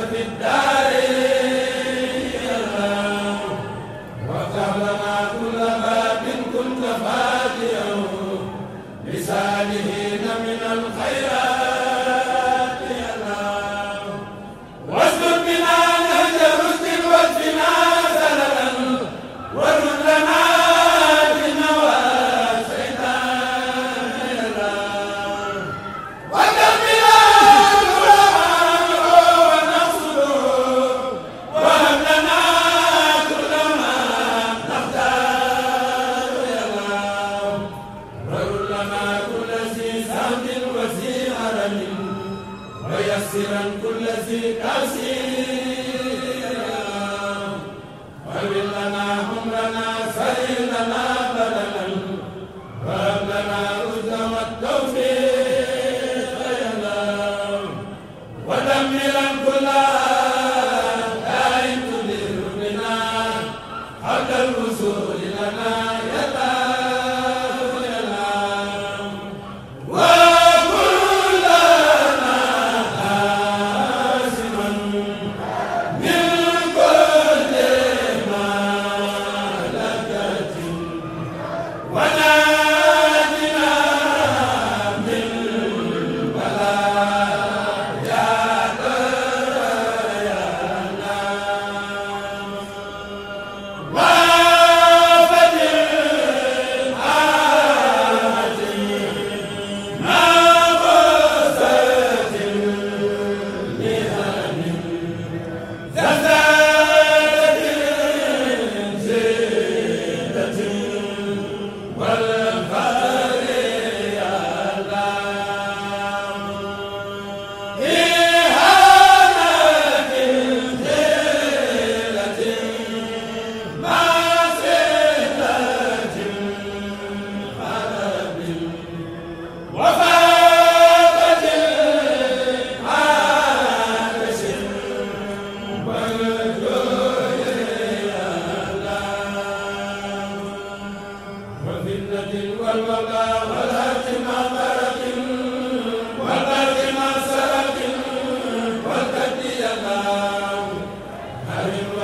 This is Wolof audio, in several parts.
fi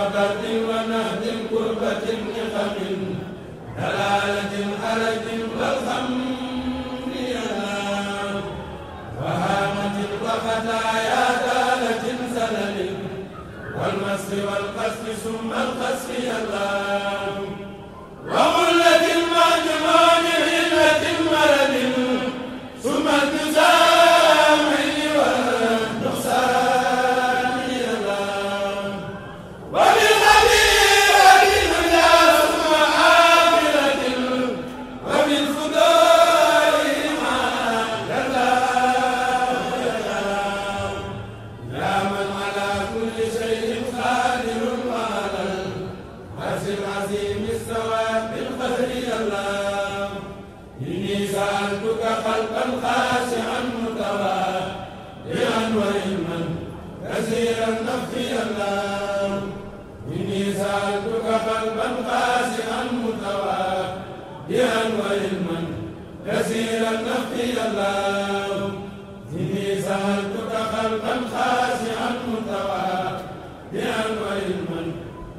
والبر ونهد كربة نقم دلالة حرج والهم ينام وهامة وخطايا دالة زلل والمس والقصف ثم القصف يلام عظيم الثواب بالقدر الله إني سألتك خلقا خاشعا متواضعا وإلما كثيرا نفي الله إني سألتك خلقا خاشعا متواضعا وإلما كثيرا نفي الله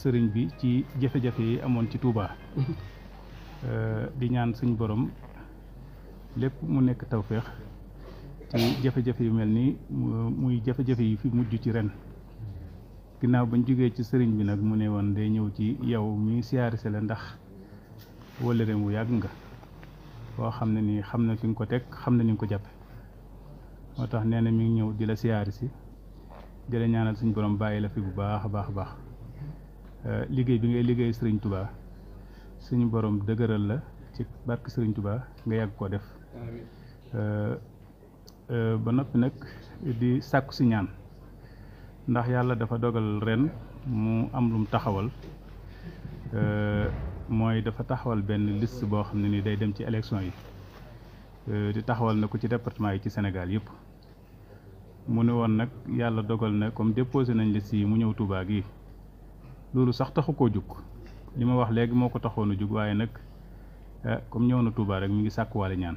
sëriñ bi ci jafe-jafe yi amoon ci Touba. Euh, di ñaan suñ boroom lépp mu nekk tawféex ci jafe-jafe yu mel nii muy jafe-jafe yi fi mujj ci ren ginnaaw bañ jógee ci sëriñ bi nag mu ne woon day ñëw ci yow mi siyaari se la ndax wala wu yàgg nga boo xam ne nii xam na fi nga ko teg xam na ni nga ko jàppe moo tax nee na mi ngi ñëw di la siyaari si di la ñaanal suñ borom bàyyi la fi bu baax a baax a baax Euh, liggéey bi ngay liggéey sëriñ tubaa suñu borom dëgëral la ci barke sëriñ Touba nga yàgg koo def euh, euh, ba noppi nag di sàkku si ñaan ndax yàlla dafa dogal ren mu am lum taxawal mooy dafa taxawal benn liste boo xam ne ni day dem ci élection yi di taxawal na ko ci département yi ci Sénégal yëpp mu ne woon nag yàlla dogal na comme déposé nañ liste yi mu ñëw Touba gi loolu sax taxu koo jug li ma wax léegi moo ko taxoon a jug waaye nag eh, comme ñëw na Touba rek mu ngi sàkkuwaale ñaan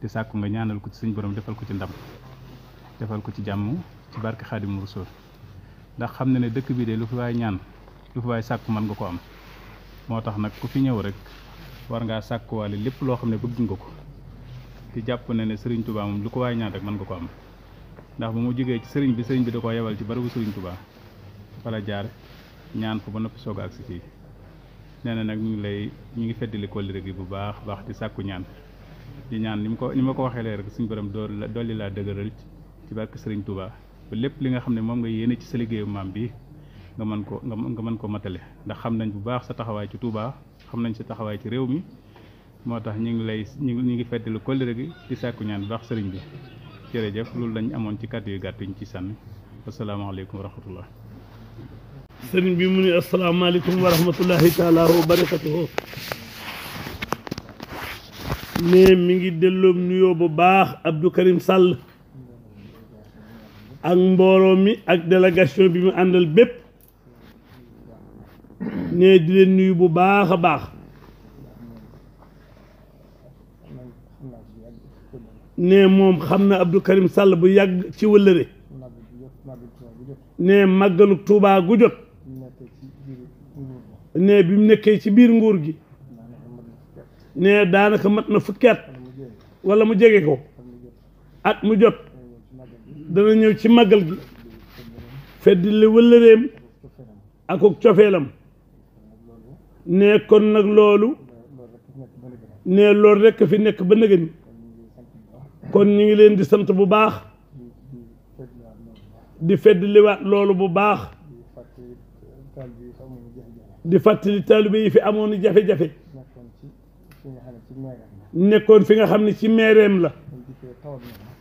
te sàkku nga ñaanal ko ci suñ borom defal ko ci ndam defal ko ci jàmm ci barke Xaadimu Rasuul ndax xam na ne dëkk bi de lu waay ñaan lu fi mën nga ko am moo tax nag ku fi ñëw rek war ngaa sàkkuwaale lépp loo xam ne bëgg nga ko te jàpp na ne Serigne Touba moom lu ko waay ñaan mën nga ko am ndax bu mu sëriñ bi sëriñ bi da koo yebal ci barabu Serigne Touba wala jaar ñaan ko ba noppi soog a agsi fii nee na nag ñu ngi lay ñu ngi feddali kóllëre gi bu baax baax di sàkku ñaan di ñaan ni mu ko ni ma ko waxee lee rek suñu dool dolli laa dëgëral ci barke Sëriñ Touba ba lépp li nga xam ne moom nga yéene ci sa liggéeyu maam bi nga mën ko nga mën ko matale ndax xam nañ bu baax sa taxawaay ci tuubaa xam nañ sa taxawaay ci réew mi moo tax ñu ngi lay ñu ngi feddali kóllëre gi di sàkku ñaan bu baax sëriñ bi jërëjëf loolu lañ amoon ci kàddu yu gàtt yuñ ci sànni asalaamaaleykum wa sëriñ bi mu ne asalaamaaleykum wa rahmatullahi taala wa barakatuhu ne mi ngi delloom nuyoo bu baax Abdou Karim sàll ak mbooloo mi ak délégation bi mu àndal bépp ne di nuyu bu baax a baax ne moom xam na Abdou Karim sàll bu yàgg ci wëllëre ne màggalu Tuubaa gu jot ne bi mu nekkee ci biir nguur gi ne daanaka mat na fukki at wala mu jege ko at mu jot dana ñëw ci màggal gi fedd li wëllëreem ak ak cofeelam ne kon nag loolu ne loolu rekk fi nekk ba nëgëni kon ñu ngi leen di sant bu baax di fedd feddliwaat loolu bu baax di fàttali taalibe yi fi amoon jafe-jafe nekkoon fi nga xam ne ci meereem la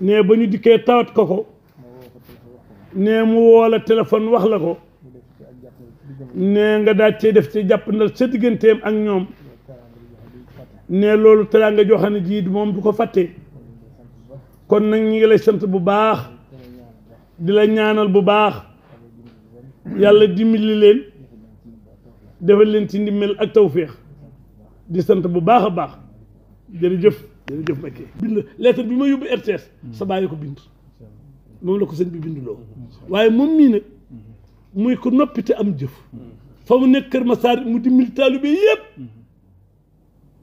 ne ba ñu dikkee tawat ko ko ne mu woo la wax la ko ne nga daal cee def ci jàppandal sa digganteem ak ñoom ne loolu teraanga joo xam ne jiit moom du ko fàtte kon nag ñi ngi lay sant bu baax di la ñaanal bu baax yàlla dimbali leen defal leen ci ndimbal ak tawféex di sant bu baax a baax jërëjëf jërëjëf Mbacké bind bi ma yóbbu RTS sa bàyyi ko bind moom la ko sëñ bi binduloo waaye moom mii nag muy ko noppi te am jëf fa mu nekk Kër Massar mu dimbali taalibe yëpp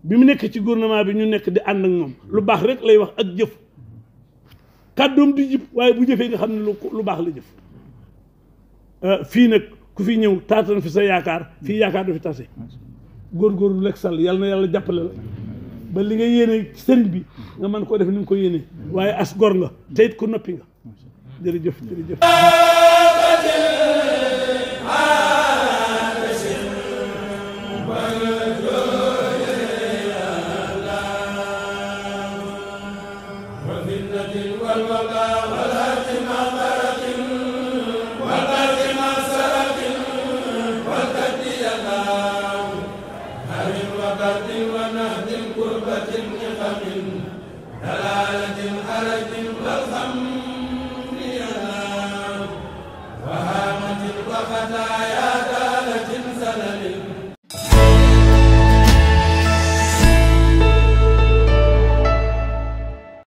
bi mu nekkee ci gouvernement bi ñu nekk di ànd ak moom lu baax rek lay wax ak jëf kàddoom di jib waaye bu jëfee nga xam ne lu baax la jëf euh, fii nag ku fi ñëw taatan fi sa yaakaar fii yaakaar du fi tase góorgóorlu lekk sàll yàlla na yàlla jàppale la ba li nga yéene sëñ bi nga mën koo def ni nga ko yéene waaye as gor nga teyit ku noppi nga jërëjëf jërëjëf ala